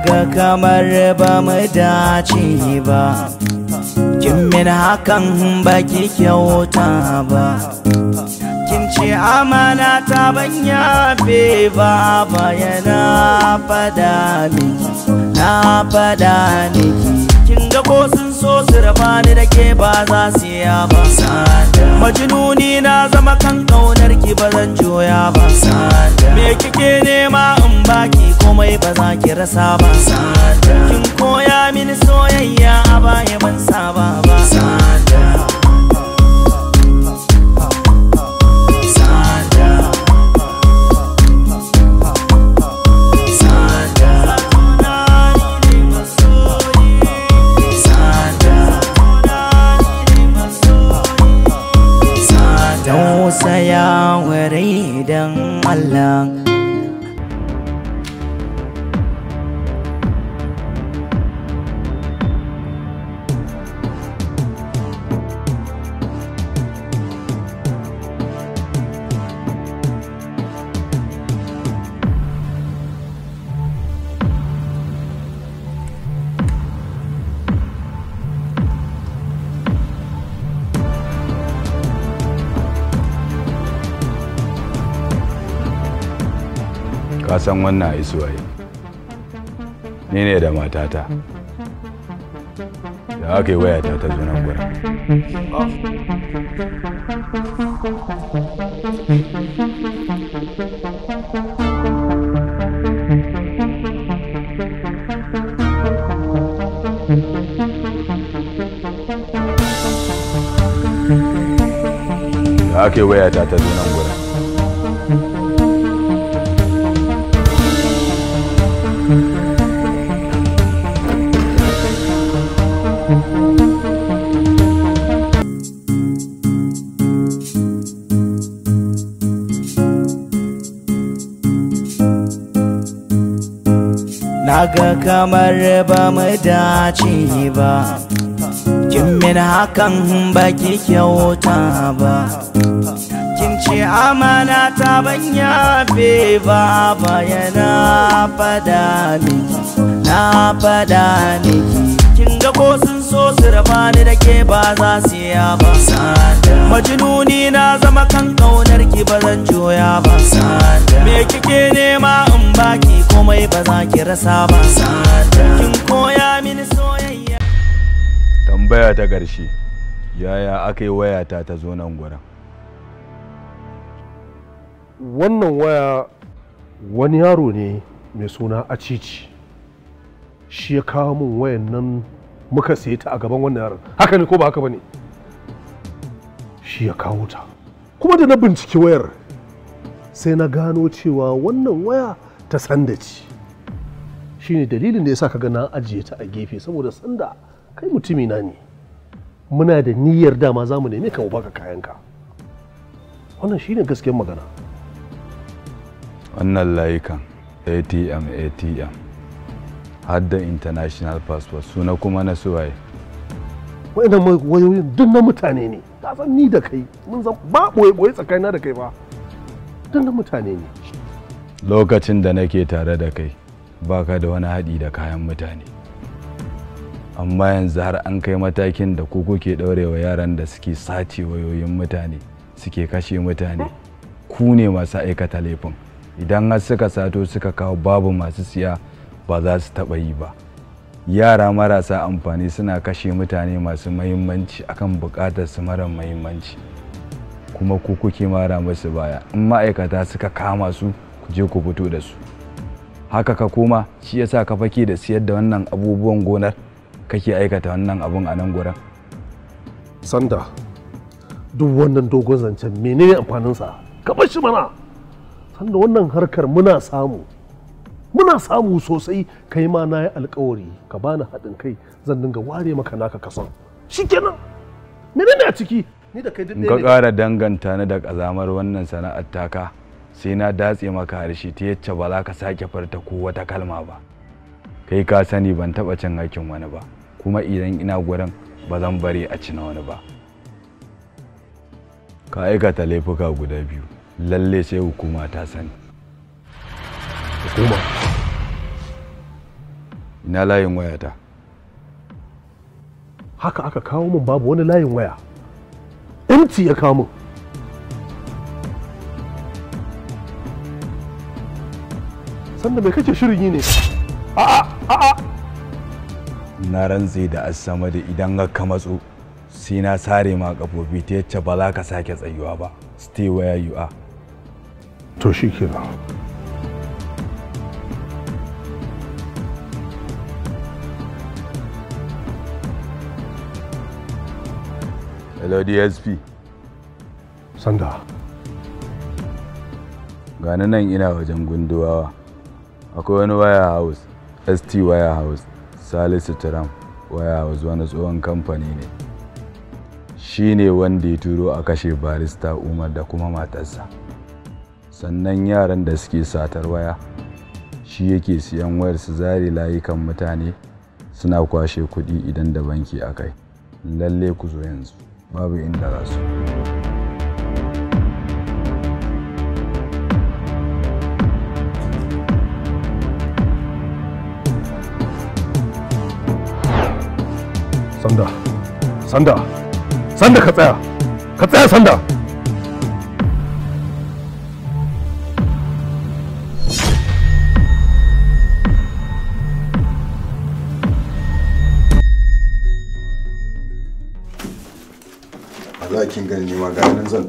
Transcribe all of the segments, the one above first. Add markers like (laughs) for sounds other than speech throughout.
kaga kamar ba mu dace ba kin min hakan ba ki kyauta ba kin ce amana ta ban yafe ba bayana fada na fada ni kin ga ko sun so su ni da ke ba za su ya ba majinuni na zama kan kaunar ki ba zan joya ba me kike nema in baki komai ba za ki rasa ba kin koya mini soyayya a baya ban saba ba ka san wannan isuwaye ni ne da matata da aka yi wayata ta zo nan gurin da aka yi wayata ta zo gurin kamar ba mu dace ba kin min hakan ba ki kyauta ba kin ce amana ta ban yafe ba bayana fada ni na fada ni kin ga ko so su raba ni da ke ba za su ya ba majinuni na zama kan kaunar ki ba zan joya ba me kike nema in baki komai ba za ki rasa ba kin koya mini soyayya tambaya ta ƙarshe yaya aka yi wayata ta zo nan wannan waya wani yaro ne mai suna acici shi ya kawo min wayan nan muka saye ta a gaban wannan yaron haka ne ko ba haka ba ne shi ya kawo ta kuma da na binciki wayar sai na gano cewa wannan waya ta sanda ce Shi ne dalilin da ya sa ka gana ajiye ta a gefe saboda sanda kai mutumi na ne muna da niyyar dama za mu neme ka mu baka kayanka wannan shi ne gaskiyar magana wannan layukan atm atm har da international passport suna kuma na suwaye waɗannan wayoyin duk na mutane ne ka san ni da kai mun san ba boye boye tsakanina da kai ba duk na mutane ne lokacin da nake tare da kai baka da wani haɗi da kayan mutane amma yanzu har an kai matakin da ku kuke ɗaurewa yaran da suke sace wayoyin mutane suke kashe mutane ku ne masu aikata laifin idan har suka sato suka kawo babu masu siya ba za su taɓa yi ba yara marasa amfani suna kashe mutane masu mahimmanci akan buƙatar su mara mahimmanci kuma ku kuke mara musu baya in ma'aikata suka kama su ku je ku fito da su haka ka koma shi yasa ka fake da siyar da wannan abubuwan gonar kake aikata wannan abun a nan gurin sanda duk wannan dogon zancen menene amfaninsa ka bar shi mana sanda wannan harkar muna samu muna samu sosai kai ma na yi alkawari ka bani haɗin kai zan dinga ware maka naka kasan mene ne a ciki ni da kai duk ka ƙara danganta ni da ƙazamar wannan sana'ar taka sai na datse maka harshe ta yacce ba za ka sake farta ko wata kalma ba kai ka sani ban taɓa cin hakkin wani ba kuma idan ina gurin ba zan bari a cina wani ba ka aikata laifuka guda biyu lalle sai hukuma ta sani koma ina layin wayata haka aka kawo min babu wani layin waya inti ya kawo sanda mai kace shirin yi ne a'a a'a na rantse da asama da idan ka matso sai na sare ma kafofi ta yacce ba za ka sake tsayuwa ba stay where you are to Hello DSP. Sanda. Gani nan ina wajen gunduwawa. Akwai wani waya house, ST waya house, Salisu Turam waya house wani tsohon kamfani ne. Shi ne wanda ya turo a kashe barista Umar da kuma matarsa. Sannan yaran da suke satar waya, shi yake siyan wayar su zare layukan mutane suna kwashe kuɗi idan da banki a kai. Lalle ku zo yanzu. babu inda za su sanda sanda sanda ka tsaya ka tsaya sanda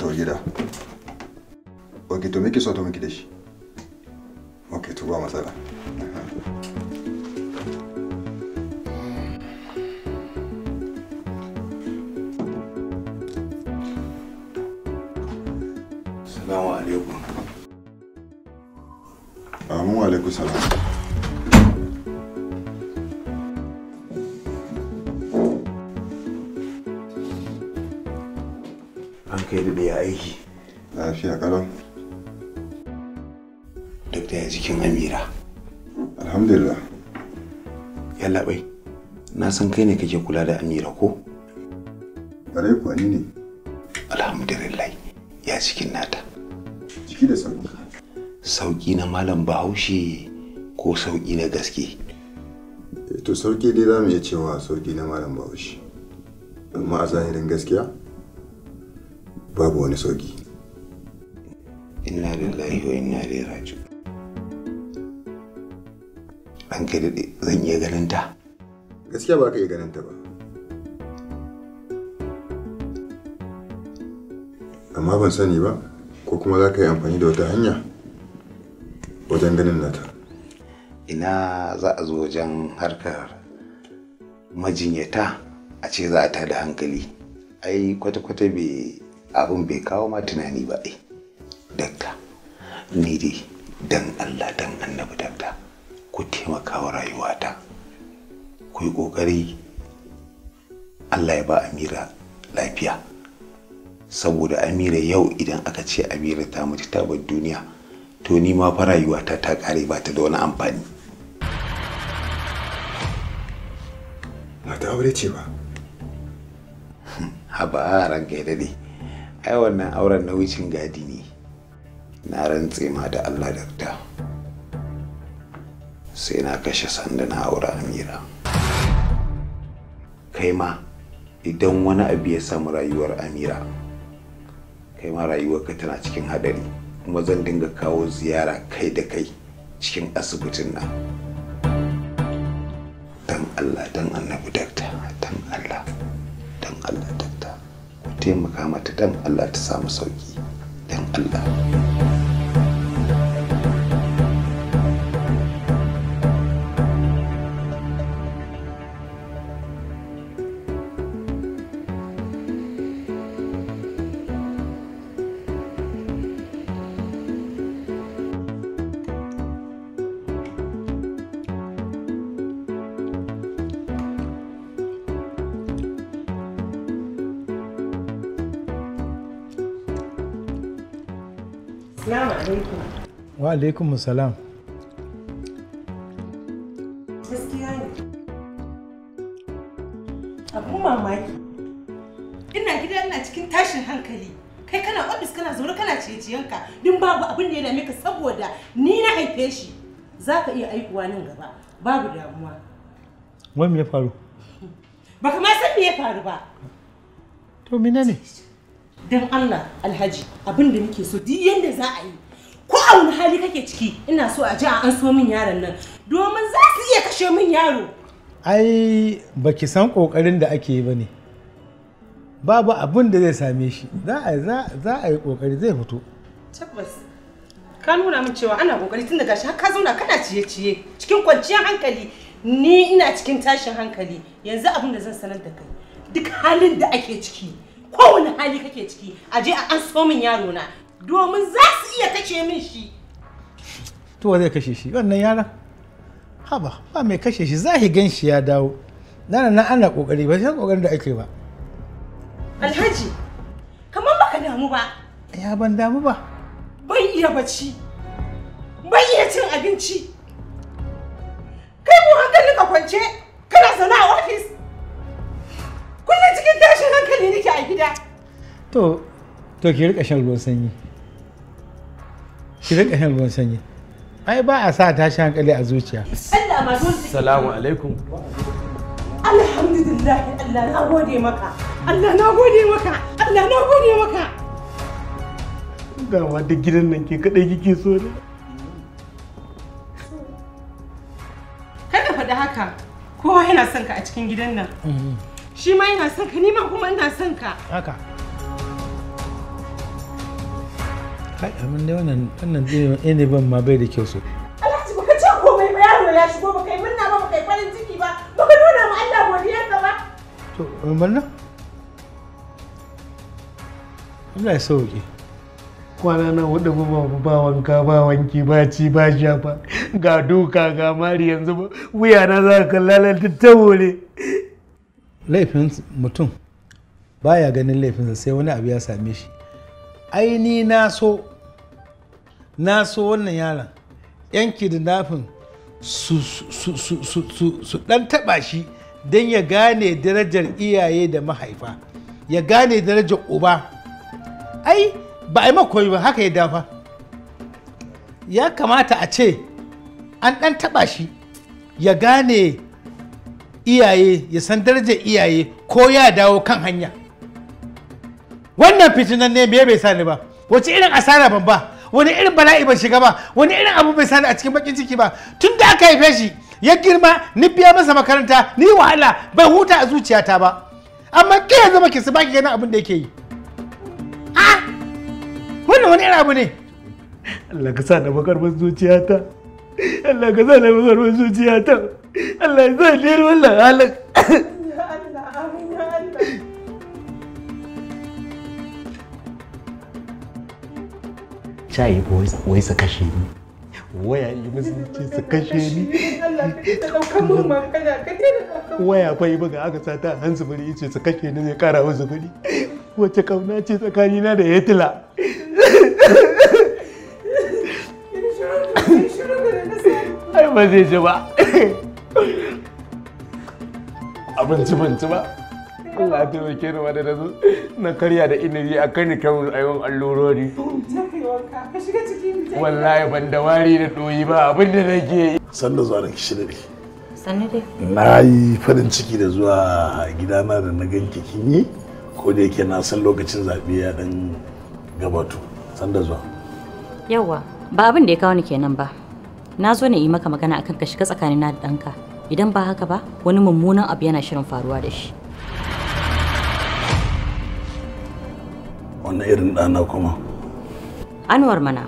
to gida ok to make sure to make da ok to ba matsala Salamu alaikum. amu alaikum salam. kai da ya aiki lafiya kalau duk da ya jikin amira alhamdulillah yalla bai na san kai ne kake kula da amira ko bare ku ni ne alhamdulillah ya cikin nata ciki da sauki sauki na malam bahaushe ko sauki na gaske eh, to sauki dai za mu iya cewa sauki na malam bahaushe amma a zahirin gaskiya babu wani sauki inna lillahi wa inna ilaihi raji. an kai daɗe zan iya ganin ta gaskiya ba ka iya ganin ta ba amma ban sani ba ko kuma za ka yi amfani da wata hanya wajen ganin nata ina za a zo wajen harkar majinyata a ce za a tada hankali ai kwata-kwata bai abin bai kawo ma tunani ba ai dakta ni dai dan Allah dan annabi dakta ku taimaka wa rayuwata ku yi ƙoƙari Allah ya ba Amira lafiya saboda Amira yau idan aka ce Amira ta mutu ta bar duniya to ni ma fa rayuwata ta kare ba ta da wani amfani ba ce ba (laughs) haba ranka ya dade ai wannan auren na wucin gadi ne na rantse ma da allah dakta sai na kashe sanda na aura amira kai ma idan wani abu ya samu rayuwar amira kai ma rayuwar ka tana cikin hadari kuma zan dinga kawo ziyara kai da kai cikin asibitin nan dan allah dan annabi dakta dan allah dan allah taimaka mata dan Allah ta samu sauki dan Allah alaikum salam gaskiya ne mamaki ina gida ina cikin tashin hankali kai kana ofis kana zaune kana ciyeciyanka din babu abin da ya dame ka saboda ni na haife shi za ka iya aikuwa nan gaba babu damuwa wai me ya faru baka ma san me ya faru ba to mina ne don allah alhaji abin da muke so duk yadda za a yi a wani hali kake ciki ina so a ji a an so min yaron nan domin za su iya kashe min yaro ai baki san kokarin da ake yi ba ne babu abin da zai same shi za a yi kokari zai fito tabbas ka nuna min cewa ana kokari tun da gashi har ka zauna kana ciye-ciye cikin kwanciyar hankali ni ina cikin tashin hankali yanzu abin da zan sanar da kai duk halin da ake ciki kowane hali kake ciki a je a an so min yaro na domin za su iya kashe min shi to wa zai kashe shi wannan yaran haba ba mai kashe shi zahi gan shi ya dawo nana na ana kokari ba san kokarin da ake ba alhaji kamar baka damu ba ya ban damu ba ban iya bacci ban iya cin abinci kai mu hankali ka kwance kana zaune a ofis kullum cikin tashin hankali nake a gida to to ki rika shan ruwan sanyi ki rika shan ruwan sanyi ai ba a sa tashi hankali a zuciya Allah ma dole salamu alaikum alhamdulillah Allah na gode maka Allah na gode maka Allah na gode maka dama duk gidan nan ke kadai kike so ne kada faɗi haka kowa yana son ka a cikin gidan nan mm-hmm. shi ma yana son ka ni ma kuma ina son ka haka kai amin dai wannan wannan ne ban ma bai da kyau so Alhaji baka ce komai ba yaro ya shigo baka yi murna ba baka yi farin ciki ba baka nuna ma Allah godiyar ka ba to murna Allah ya sauke kwana na hudu ba ba wanka ba wanki ba ci ba sha ba ga duka ga mari yanzu wuya na za ka lalata ta wole laifin mutum baya ganin laifinsa sai wani abu ya same shi Aini na so na so wannan yaran, yan kidnafin su su dan taba shi don ya gane darajar iyaye da mahaifa ya gane darajar uba ai ba a yi makoyi ba haka ya dafa ya kamata a ce an dan taba shi ya gane iyaye ya san darajar iyaye ko ya dawo kan hanya wannan fitinan ne me bai sani ba wace irin asara ban ba wani irin bala'i ba shiga ba wani irin abu bai sani a cikin bakin ciki ba tun da aka haife shi ya girma ni biya masa makaranta ni wahala bai huta a zuciyata ba amma ke yanzu baki su baki ganin abin da yake yi a wannan wani irin abu ne Allah ka sa da makarbar zuciyata Allah ka sa da makarbar zuciyata Allah ya sa ni wannan halin sha yi wai su kashe ni waya yi musulunci su kashe ni waya fa yi buga aka sata hansu bari yace su kashe ni zai kara musu kuɗi wace kauna ce tsakanina da hitler ai ba zai ji ba abinci ban ci ba Allah ya taimake ni wanda da na karya da inabi a kan kyau a yawan allurori. Ka shiga Wallahi ban da wari da ɗoyi ba abin da nake yi. San da zuwa da kishirari. Sanni dai. Na yi farin ciki da zuwa gidana da na ganki kin yi ko da yake na san lokacin zaɓe ya ɗan gabato. San da zuwa. Yawwa ba abin da ya kawo ni kenan ba. Na zo na yi maka magana akan ka shiga tsakanina da ɗanka. Idan ba haka ba wani mummunan abu yana shirin faruwa da shi. wani irin ɗana kuma anwar mana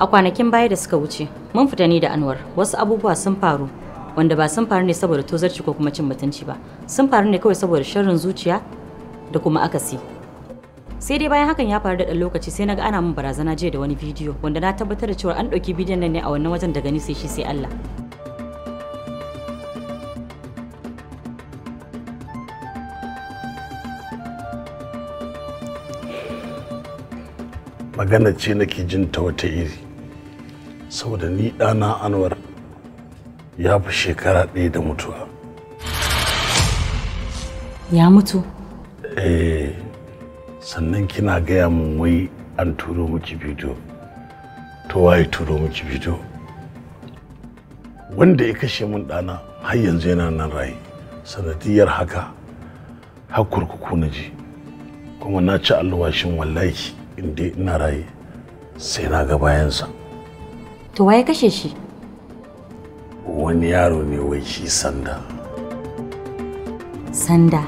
a kwanakin baya da suka wuce mun fita ni da anwar wasu abubuwa sun faru wanda ba sun faru ne saboda tozarci ko kuma cin mutunci ba sun faru ne kawai saboda sharrin zuciya da kuma akasi sai dai bayan hakan ya faru da ɗan lokaci sai naga ana min barazana jiya da wani bidiyo wanda na tabbatar da cewa an ɗauki bidiyon nan ne a wannan wajen daga ni sai shi sai Allah magana ce nake jin ta wata iri saboda ni ɗana anwar ya fi shekara ɗaya da mutuwa ya mutu eh sannan kina gaya mun wai an turo miki bidiyo to waye turo miki bidiyo wanda ya kashe mun ɗana har yanzu yana nan raye sanadiyar haka har kurkuku na ji kuma na ci alwashin wallahi inda ina raye sai na ga bayansa to waye kashe shi wani yaro ne wai shi sanda sanda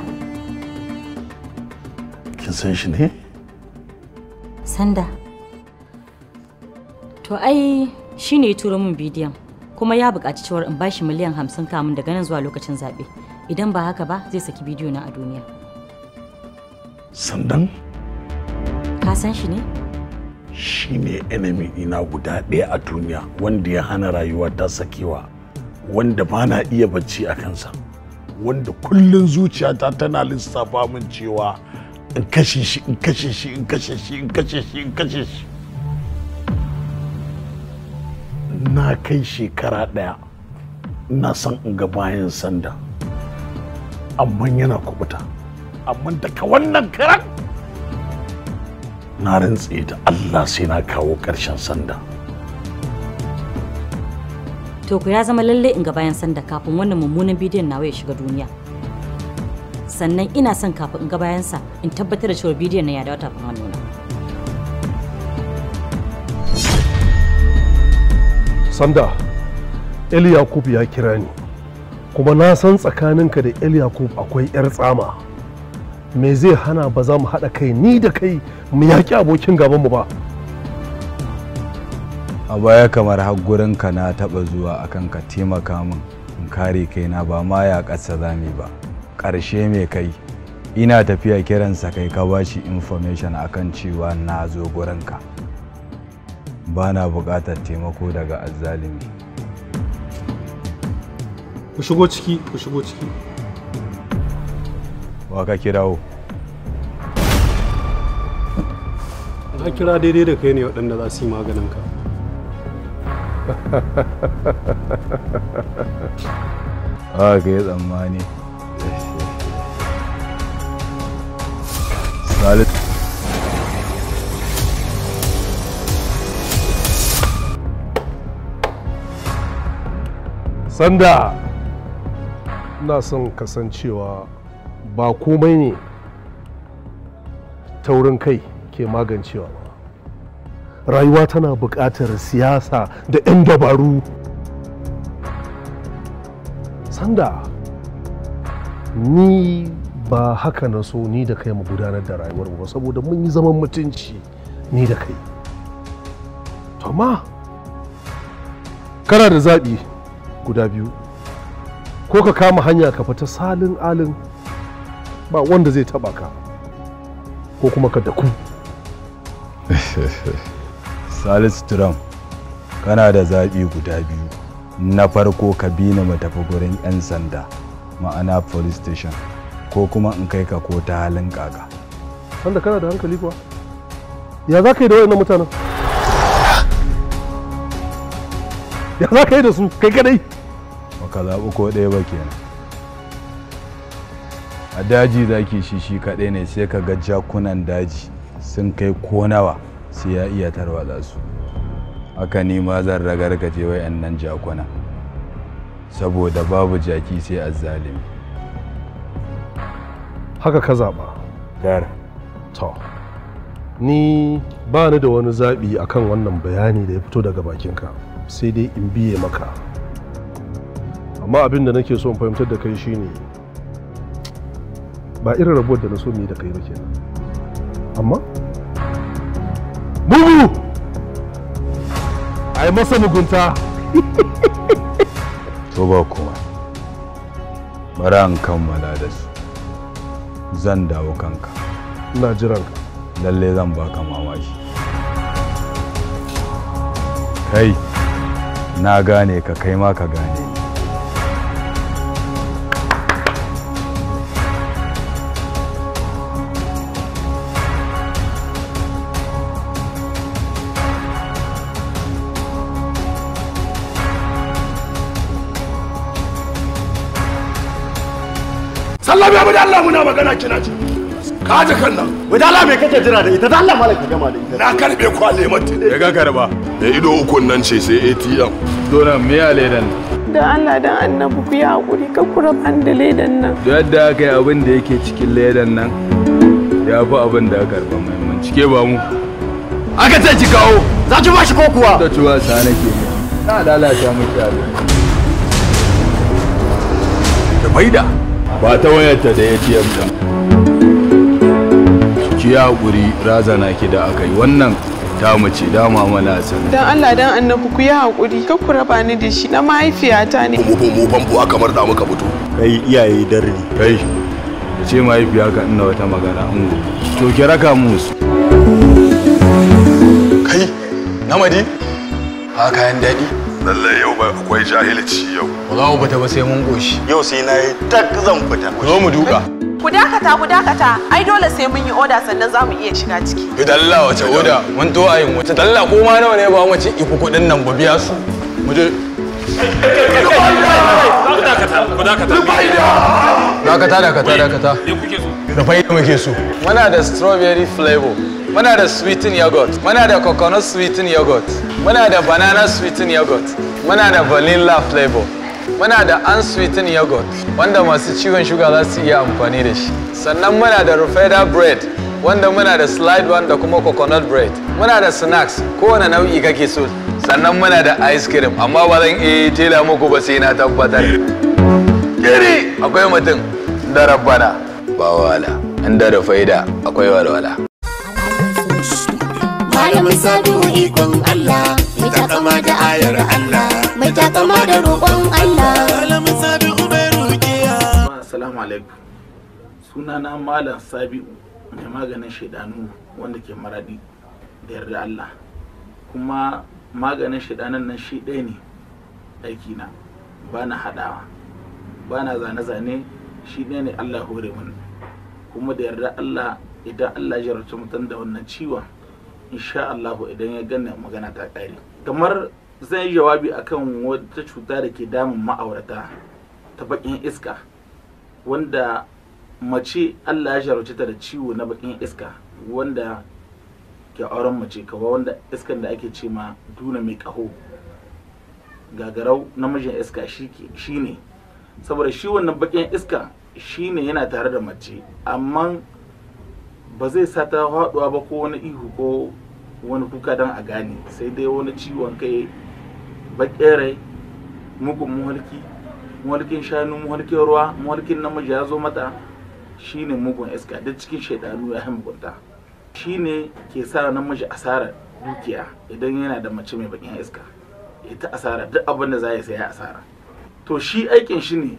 kin san shi ne sanda to ai shi ne ya turo min bidiyon kuma ya buƙaci cewar in bashi miliyan hamsin kamun daga nan zuwa lokacin zaɓe idan ba haka ba zai saki bidiyo na a duniya sandan san shi ne? Shi ne enemy ina guda ɗaya a duniya wanda ya hana rayuwa ta sakewa, wanda ba na iya bacci a kansa, wanda kullum zuciyata tana lissafa min cewa in kashe shi, in kashe shi, in kashe shi, in kashe shi, in kashe shi. Na kai shekara ɗaya, ina son in ga bayan sanda, amma yana kubuta, amma daga wannan karan na rantse da Allah sai na kawo ƙarshen sanda. To ku ya zama lallai in ga bayan sanda kafin wannan mummunan bidiyon nawa ya shiga duniya. Sannan ina son kafin in ga bayansa in tabbatar da cewa bidiyon na ya dawo fama nuna. Sanda, Eli ya kira ni, kuma na san tsakaninka da Eli akwai 'yar tsama. me zai hana ba za mu haɗa kai ni da kai mu yaki abokin gaban mu ba a baya kamar har ka na taɓa zuwa akan ka taimaka min in kare kaina ba ma ya ƙasa zami ba ƙarshe mai kai ina tafiya kiransa kai ka bashi information akan cewa na zo gurinka ba na buƙatar taimako daga azzalimi ku shigo ciki ku shigo ciki wa ka dawo na kira daidai da kai ne waɗanda za su yi maganin ka a ha ha tsammani ha sanda ina son kasancewa ba komai ne taurin kai ke magancewa ba rayuwa tana buƙatar siyasa da 'yan dabaru sanda ni ba haka na so ni da kai mu gudanar da rayuwar ba saboda mun yi zaman mutunci ni da kai ma kana da zaɓi guda biyu ko ka kama hanya ka fita salin alin ba wanda zai taba ka ko kuma ka daku (laughs) salisu turam kana da zaɓi guda biyu na farko ka bi na mu gurin 'yan sanda ma'ana police station ko kuma in kai ka ko ta halin kaka sanda kana da hankali kuwa ya za ka yi da wayannan mutanen ya za ka yi da su kai kadai baka zaɓi ko ɗaya ba kenan a daji zaki shi shi kaɗai ne sai ka ga jakunan daji sun kai ko nawa sai ya iya tarwatsa su haka ni ma zan ragargaje nan jakuna saboda babu jaki sai azzalimi haka ka zaɓa Dar. to ni ba ni da wani zaɓi akan wannan bayani da ya fito daga bakinka sai dai in biye maka amma abin da nake so in fahimtar da kai shine ba irin rabuwar da na so mu da kai ba kenan amma bugu a yi masa mugunta (laughs) to ba kuma bari an kammala da su zan dawo kanka ina jiran ka lalle zan baka mamaki kai na gane ka kai ma ka gane magana kina ji ka ji kan nan wai da Allah me kake jira da ita da Allah malam ka gama da ita na karbe kwale mata da ga karba da ido uku nan ce sai ATM dona me ya ledan da Allah dan annabi ku ya hakuri ka kura ban da ledan nan yadda aka yi abin da yake cikin ledan nan ya fi abin da aka mai mun cike ba mu aka ce ki kawo za ki shi ko kuwa da tuwa sa nake na lalata miki abin da faida ba ta wayarta da ATM din ki ya guri razana ki da aka yi wannan ta mace da dama mana sani dan Allah dan annabi ku yi hakuri ka ku raba ni da shi na mahaifiyata ne mu mu bambu aka da muka fito kai iyaye darri kai ce mahaifiya ka ina wata magana an to ki raka mu kai namadi ha kayan daɗi Lallai yau ba akwai jahilci yau. Ba za mu fita ba sai mun goshi. Yau sai na yi tak zan fita. zo mu duka. Ku dakata ku dakata ai dole sai mun yi oda sannan za mu iya shiga ciki. Ku dalla wace oda mun to ayin wace dalla ko ma nawa ne ba mu ci iku kudin nan ba biya su. Mu je. Ku dakata ku dakata. Dakata dakata dakata. Da faida muke so. Muna da strawberry flavor. muna da sweetened yogurt muna da coconut sweetened yogurt muna da banana sweetened yogurt muna da vanilla flavor muna da unsweeten yogurt wanda masu ciwon shuga za su iya amfani da shi sannan muna da rufeda bread wanda muna da slide one da kuma coconut bread muna da snacks kowane nau'i kake so sannan muna da ice cream amma ba zan iya tela muku ba sai na tabbatar kiri akwai mutum da rabbana ba wala inda da faida akwai walwala malamin sabiu ikon Allah mai takama da ayar Allah mai takama da roƙon Allah malamin sabiu bai rukiya assalamu alaikum na malam sabiu mai maganin shaidanu wanda ke maradi da yarda Allah kuma maganin shaidanan nan shi ɗaya ne aiki na, ba na haɗawa ba na zane-zane shi ɗaya ne Allah hore mun kuma da yarda Allah idan Allah ya jarrace mutum da wannan ciwon insha Allah idan ya gane magana ta ƙare kamar zan yi jawabi akan wata cuta da ke damun ma'aurata ta bakin iska wanda mace Allah ya jarumce ta da ciwo na bakin iska wanda ke auren mace kawai wanda iskan da ake ce ma duna mai ƙaho gagarau namijin iska shi ne saboda shi wannan bakin iska shi ne yana tare da mace amma ba zai sa ta haɗuwa ba ko wani ihu ko wani kuka don a gane sai dai wani ciwon kai baƙerai mugun muhalki muhalkin shanu muhalkin ruwa muhalkin namiji ya zo mata shine mugun iska duk cikin shaidanu ya Shi shine ke sa namiji asara dukiya idan yana da mace mai bakin iska ita asara duk abin da za ya sai asara to shi aikin shi ne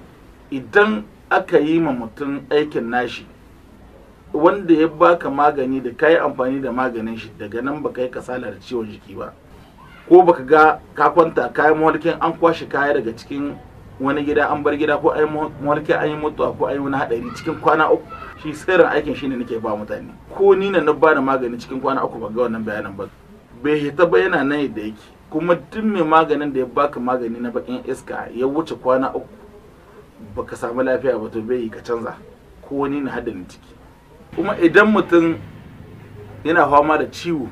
idan aka yi ma mutum aikin nashi wanda ya baka magani da ka amfani da maganin shi daga nan baka yi kasala da ciwon jiki ba ko baka ga ka kwanta kayan mulkin an kwashe kaya daga cikin wani gida an bar gida ko ai mulki an yi mutuwa ko ai wani hadari cikin kwana uku shi sirrin aikin shine nake ba mutane ko ni na ba da magani cikin kwana uku ba ga wannan bayanan ba bai hita ba yana nan yadda yake kuma duk mai maganin da ya baka magani na bakin iska ya wuce kwana uku baka samu lafiya ba to bai yi ka canza ko wani na hadarin ciki kuma idan mutum yana fama da ciwo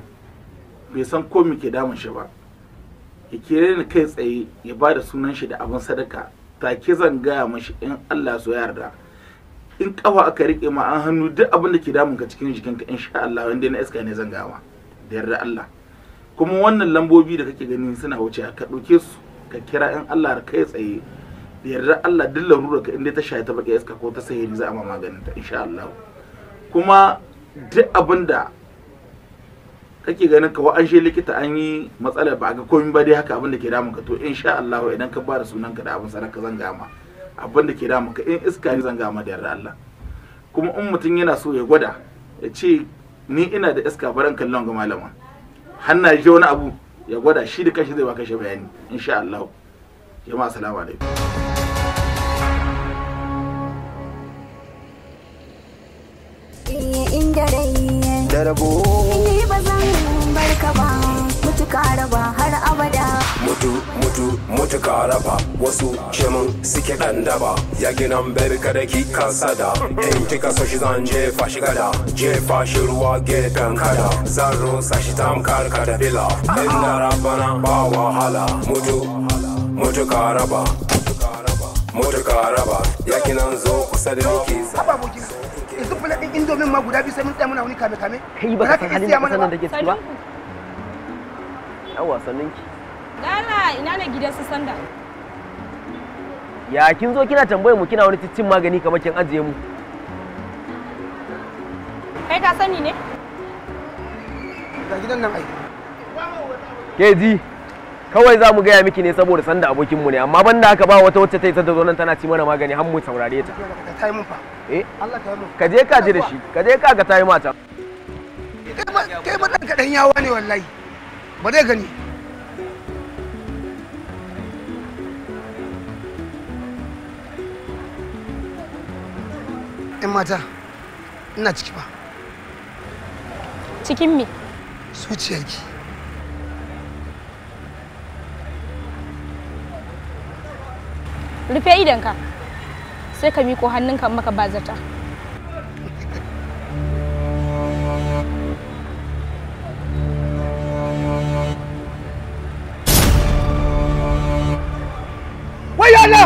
bai san ko me ke damun shi ba ya kere ni kai tsaye ya ba da sunan shi da abin sadaka take zan gaya mashi in Allah so yarda in kafa aka rike ma an hannu duk abin da ke damun ka cikin jikinka insha Allah wanda na iska ne zan gawa da yarda Allah kuma wannan lambobi da kake gani suna wuce ka ɗauke su ka kira in Allah da kai tsaye da yarda Allah duk larurar ka inda ta sha ta baka iska ko ta sahiri za a maganin ta insha Allah kuma duk abin da kake ganin ka an shi likita an yi matsala ba ga komai ba dai haka abin da ke da ka to insha Allah idan ka bada sunan ka da abin sadaka zan gama abin da ke da ka in iska ne zan gama da yarda Allah kuma in mutum yana so ya gwada ya ce ni ina da iska baran kallon ga malama hanna ji wani abu ya gwada shi da kashi zai baka shi bayani in insha Allah jama'a assalamu alaikum da rabo ni ba zan bar ka ba mutu raba har abada mutu mutu mutu raba wasu shemun suke dan daba ya ginan bari kada ki kasa da in kika so shi zan jefa shi gada jefa shi ruwa gefen kada zan rusa shi tamkar kada bila inda rabana ba wahala mutu mutu raba mutu raba ya kinan zo kusa da niki indomin ma guda biyu sai mun tsaya muna wani kame kame kai ka san halin da kasan nan da ke ciki ba ya kin zo kina tambayar mu kina wani cicin magani kamar kin ajiye mu kai ka sani ne ga kawai za mu gaya miki ne saboda sanda abokinmu ne amma banda haka ba wata wacce ta isa ta zo nan tana ci mana magani har mu saurare ta eh? ka je ka ji da shi ka je ka ga tayi mata kai ma ɗan kaɗan yawa ne wallahi ba dai gani in mata ina ciki ba cikin me zuciyarki rufe idonka sai ka miko hannunka maka bazata wai Allah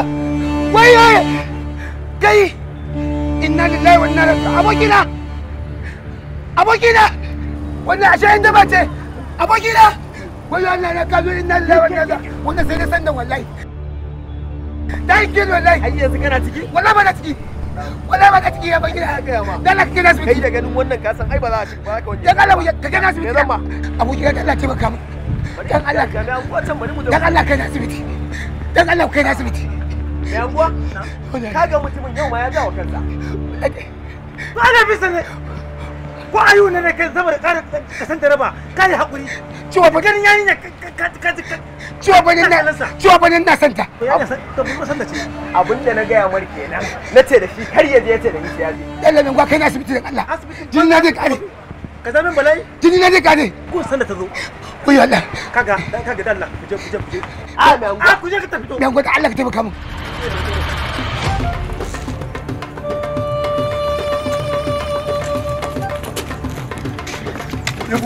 wai wai inna lillahi wa inna ilaihi abokina abokina ce abokina na kazo inna lillahi wa inna ilaihi sai na san da wallahi dai wallahi ai yanzu kana ciki wallahi ba na ciki wallahi ba na ciki ya ban gida ga ma dan ka kina su kai da ganin wannan kasan ai ba za a ciki ba ka wani dan Allah ka kina su me ma abu kira dan Allah ke baka dan Allah ka ga bari mu dan Allah kai asibiti dan Allah kai na asibiti ya buwa kaga mutumin yau ma ya kansa bisa ne ko ayu ne ne zama da karin kasan da kai hakuri ciwa ba ganin yarinya cewa ba ba na san ta to mun san da ce abin da na na ce da shi har ya je ya ce da ni ya je gwa kai na asibiti dan Allah jini na zai kare ka zamin bala'i jini na zai kare ko san da ta zo ko ya Allah kaga dan kaga dan a ah, ah, gwa ah, ka tafi to gwa Allah ka taimaka min Yeah,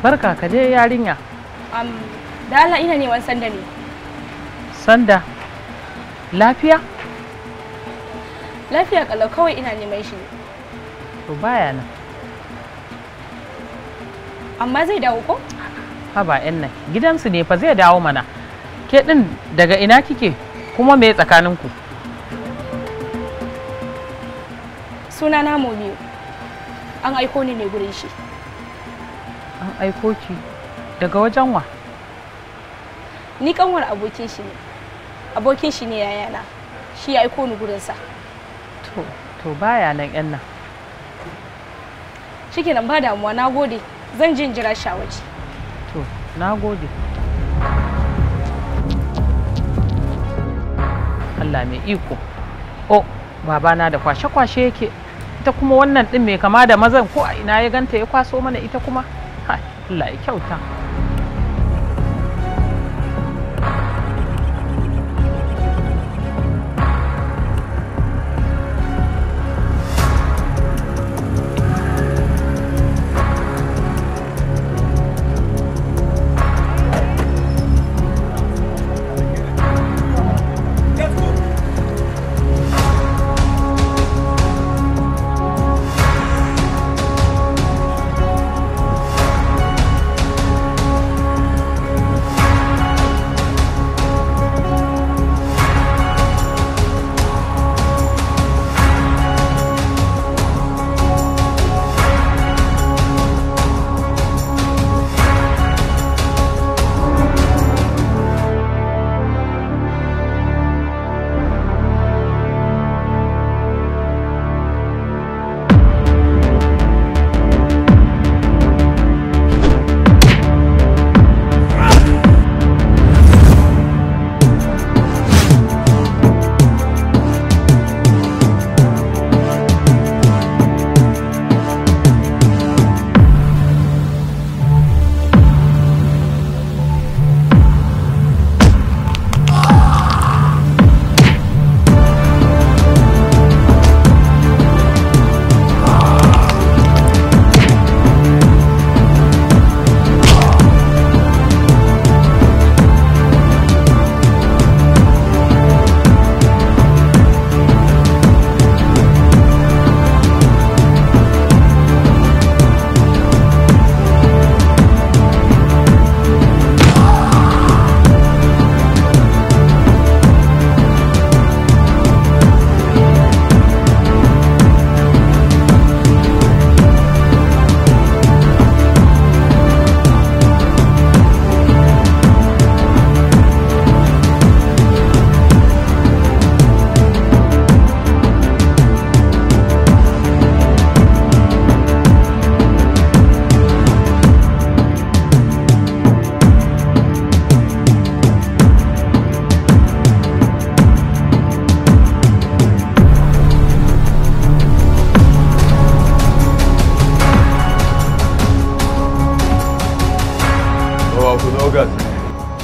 barka ka je yarinya um, da Allah ina ne wan sanda ne sanda lafiya lafiya kallo kawai ina neman shi to baya nan amma zai dawo ko haba yan nan gidansu ne fa zai dawo mana ke din daga ina kike kuma me tsakaninku sunana momiyo an aiko ni ne gurin shi aiko ki daga wajen wa ni kanwar abokin shi ne abokin shi ne yayana shi ya aiko ni gurinsa to to baya nan yan nan shike nan ba damuwa na gode zan jin jira shi a waje to na gode Allah mai iko oh babana da kwashe-kwashe yake ita kuma wannan din mai kama da mazan ko a ina ya ganta ya kwaso mana ita kuma Allah ya kyauta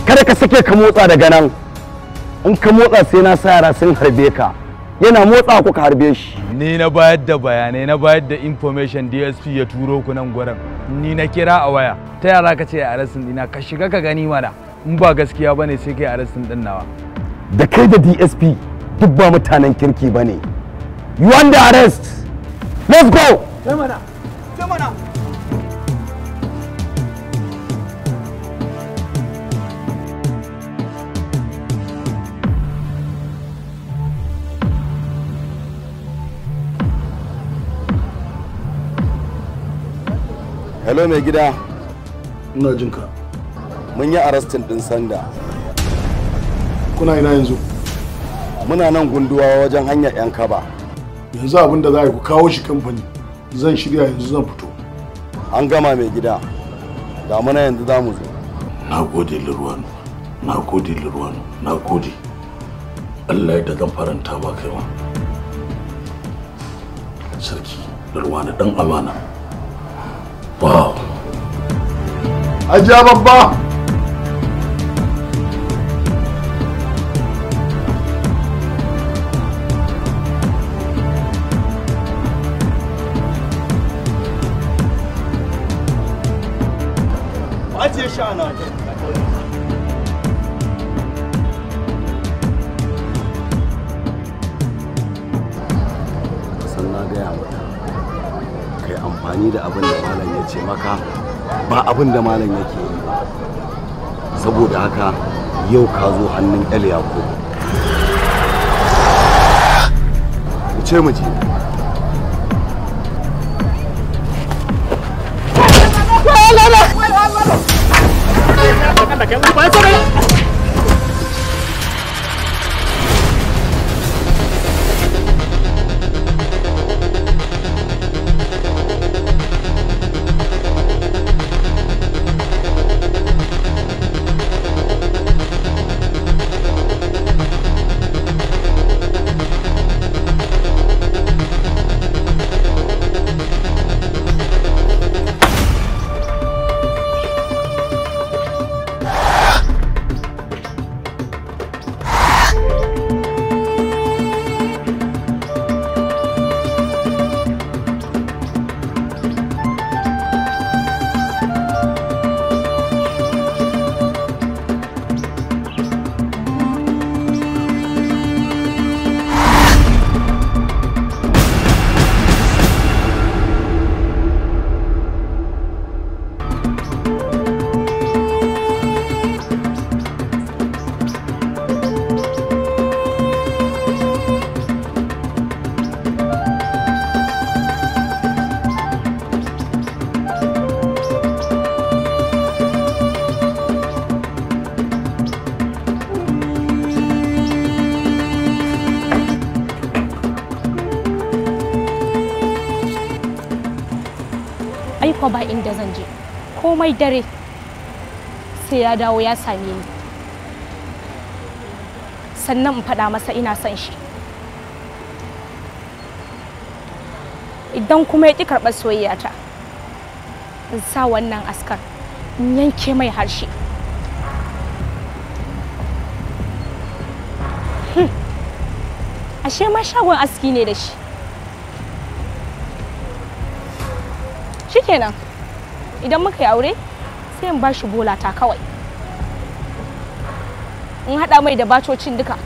kada ka sake ka motsa daga nan in ka motsa sai na sa yara sun harbe ka yana motsa ku ka harbe shi ni na bayar da bayanai na bayar da information DSP ya turo ku nan gwaran ni na kira a waya ta yara ka ce arrestin dina ka shiga ka gani mana in ba gaskiya bane sai kai arrestin din nawa da kai da DSP duk ba mutanen kirki bane you the arrest let's go Jamana, Jamana. hello mai gida ina jin ka mun yi arastin din sanda kuna ina yanzu muna nan gunduwa wajen hanyar yan kaba yanzu abin da za a ku kawo shi kamfani zan shirya yanzu zan fito an gama mai gida da muna yanzu za mu zo na gode lirwanu na gode lirwanu na gode allah da zan faranta ba kai ma sarki lirwanu dan amana واو اجا بابا ما تشانك amfani da abin da malam ya ce maka ba abin da malam yake yi ba saboda haka yau ka zo hannun el yako mu je komai dare sai ya dawo ya same ni sannan in faɗa masa ina son shi idan kuma ya ƙi karɓar soyayyata in sa wannan askar in yanke mai harshe hmm. ashe ma shagon aski ne da shi shikenan idan muka yi aure sai in ba shi bola ta kawai in haɗa mai da bacocin duka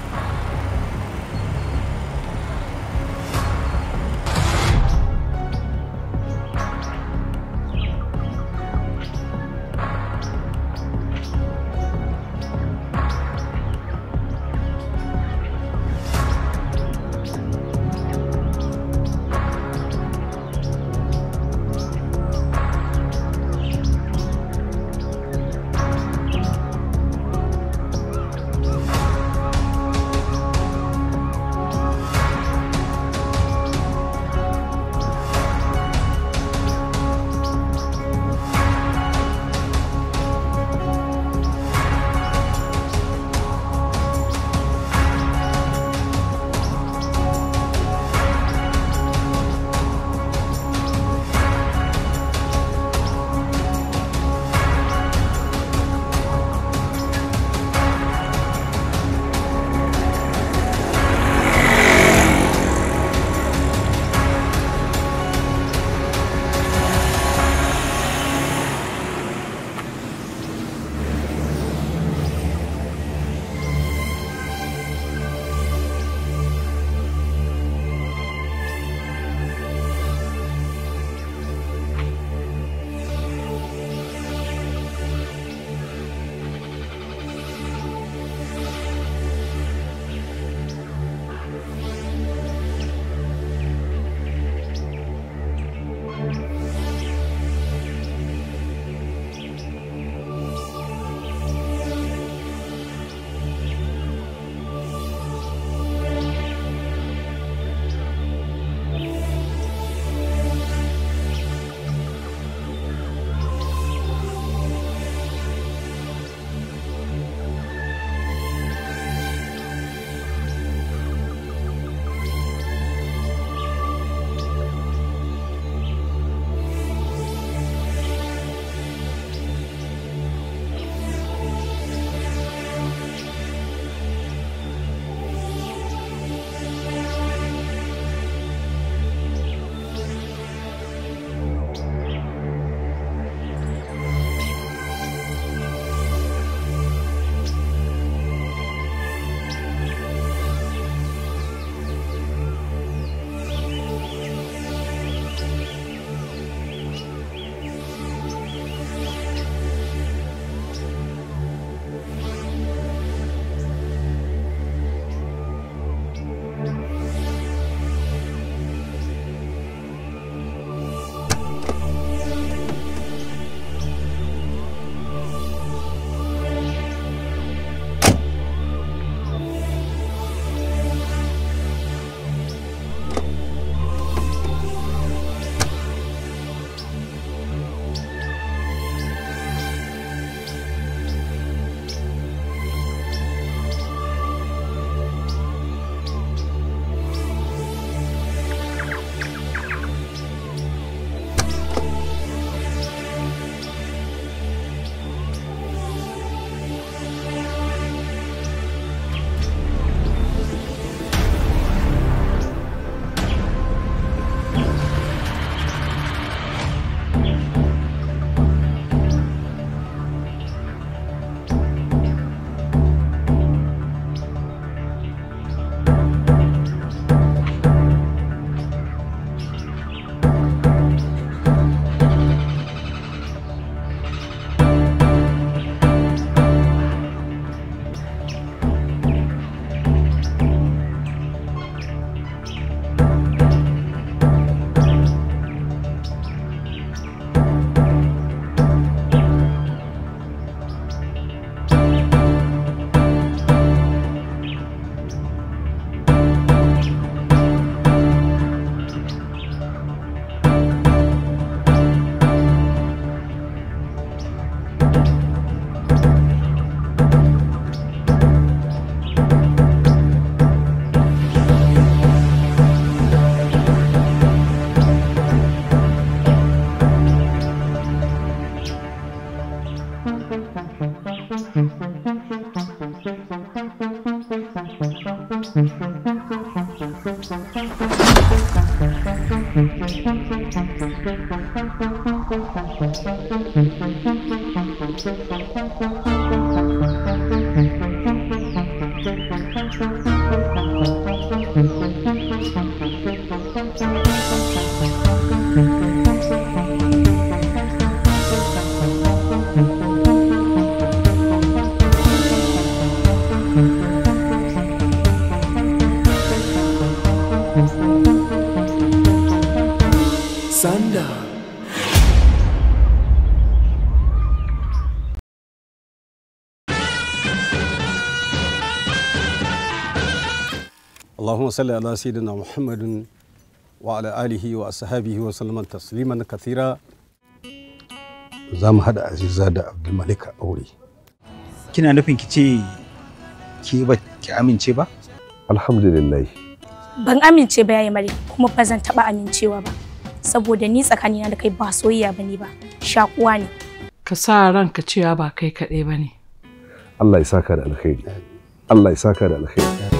Mm-hmm. اللهم صل على سيدنا محمد وعلى آله وأصحابه وسلم تسليما كثيرا zamu hada Aziza da Abdulmalik a aure kina nufin ki ce ki ba ki amince ba alhamdulillah ban amince ba yayi mare kuma ba zan taba amincewa ba saboda ni tsakanina da kai ba soyayya bane ba shakuwa ne ka sa ranka cewa ba kai kaɗai bane Allah ya saka da alkhairi Allah ya saka da alkhairi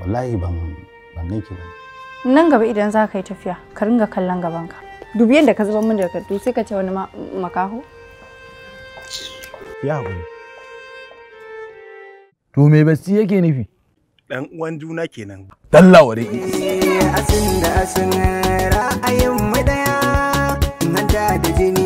wallahi ban ban ki ba nan gaba idan za ka yi tafiya ka ringa kallon gaban ka dubi yadda ka zuba min da kaddu sai ka ce wani makaho ya hakuri to me basti yake nufi dan uwan juna kenan dallawa dai asin da asin ra'ayin mu daya manta da jini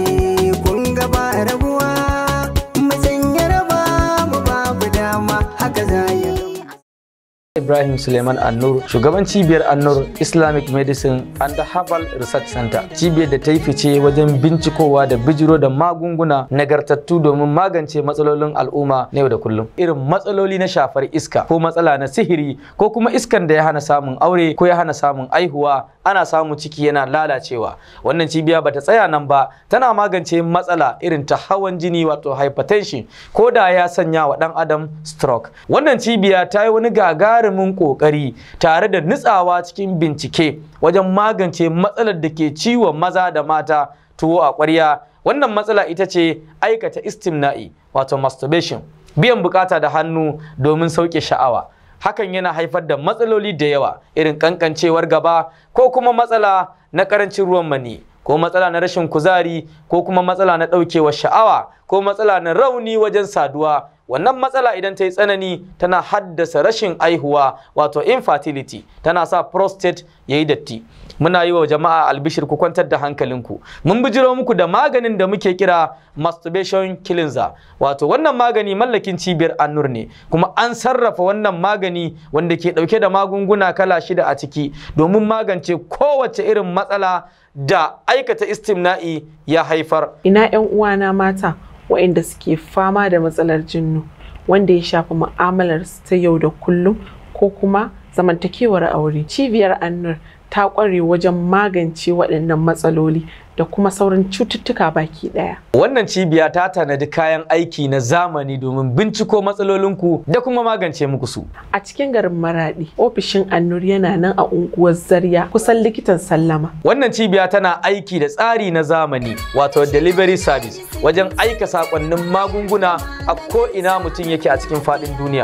Ibrahim Suleiman Annur, shugaban cibiyar Annur Islamic Medicine and Herbal Research Center, cibiyar da ta yi fice wajen bincikowa da bijiro da magunguna nagartattu domin magance matsalolin al'umma na yau da kullum. Irin matsaloli na shafar iska ko matsala na sihiri ko kuma iskan da ya hana samun aure ko ya hana samun aihuwa ana samun ciki yana lalacewa wannan cibiya bata tsaya nan ba tana magance matsala irin ta hawan jini wato hypertension ko da ya sanya wa dan adam stroke wannan cibiya ta yi wani gagarumin kokari tare da nutsawa cikin bincike wajen magance matsalar da ke ciwon maza da mata tuwo a ƙwarya wannan matsala ita ce aikata istimna'i wato masturbation biyan bukata da hannu domin sauke sha'awa hakan yana haifar da matsaloli da yawa irin kankancewar gaba ko kuma matsala na karancin ruwan mani ko matsala na rashin kuzari ko kuma matsala na ɗaukewar sha'awa ko matsala na rauni wajen saduwa wannan matsala idan ta yi tsanani tana haddasa rashin aihuwa wato infertility tana sa prostate ya yi datti muna yi wa jama'a albishir ku kwantar da hankalinku mun bijiro muku da maganin da muke kira masturbation cleanser wato wannan magani mallakin cibiyar annur ne kuma an sarrafa wannan magani wanda ke dauke da magunguna kala shida a ciki domin magance kowace irin matsala da aikata istimna'i ya haifar ina yan uwana mata waɗanda suke fama da matsalar jinnu wanda ya shafi mu'amalar ta yau da kullum ko kuma zamantakewar aure cibiyar annur ta ƙware wajen magance waɗannan matsaloli da kuma sauran cututtuka baki ɗaya. Wannan cibiya ta tanadi kayan aiki na zamani domin binciko matsalolinku da kuma magance muku su. A cikin garin Maraɗi, ofishin Annur yana nan a unguwar zarya kusan likitan Sallama. Wannan cibiya tana aiki da tsari na zamani wato delivery service wajen aika sakonnin magunguna a ko ina mutum yake a cikin faɗin duniya.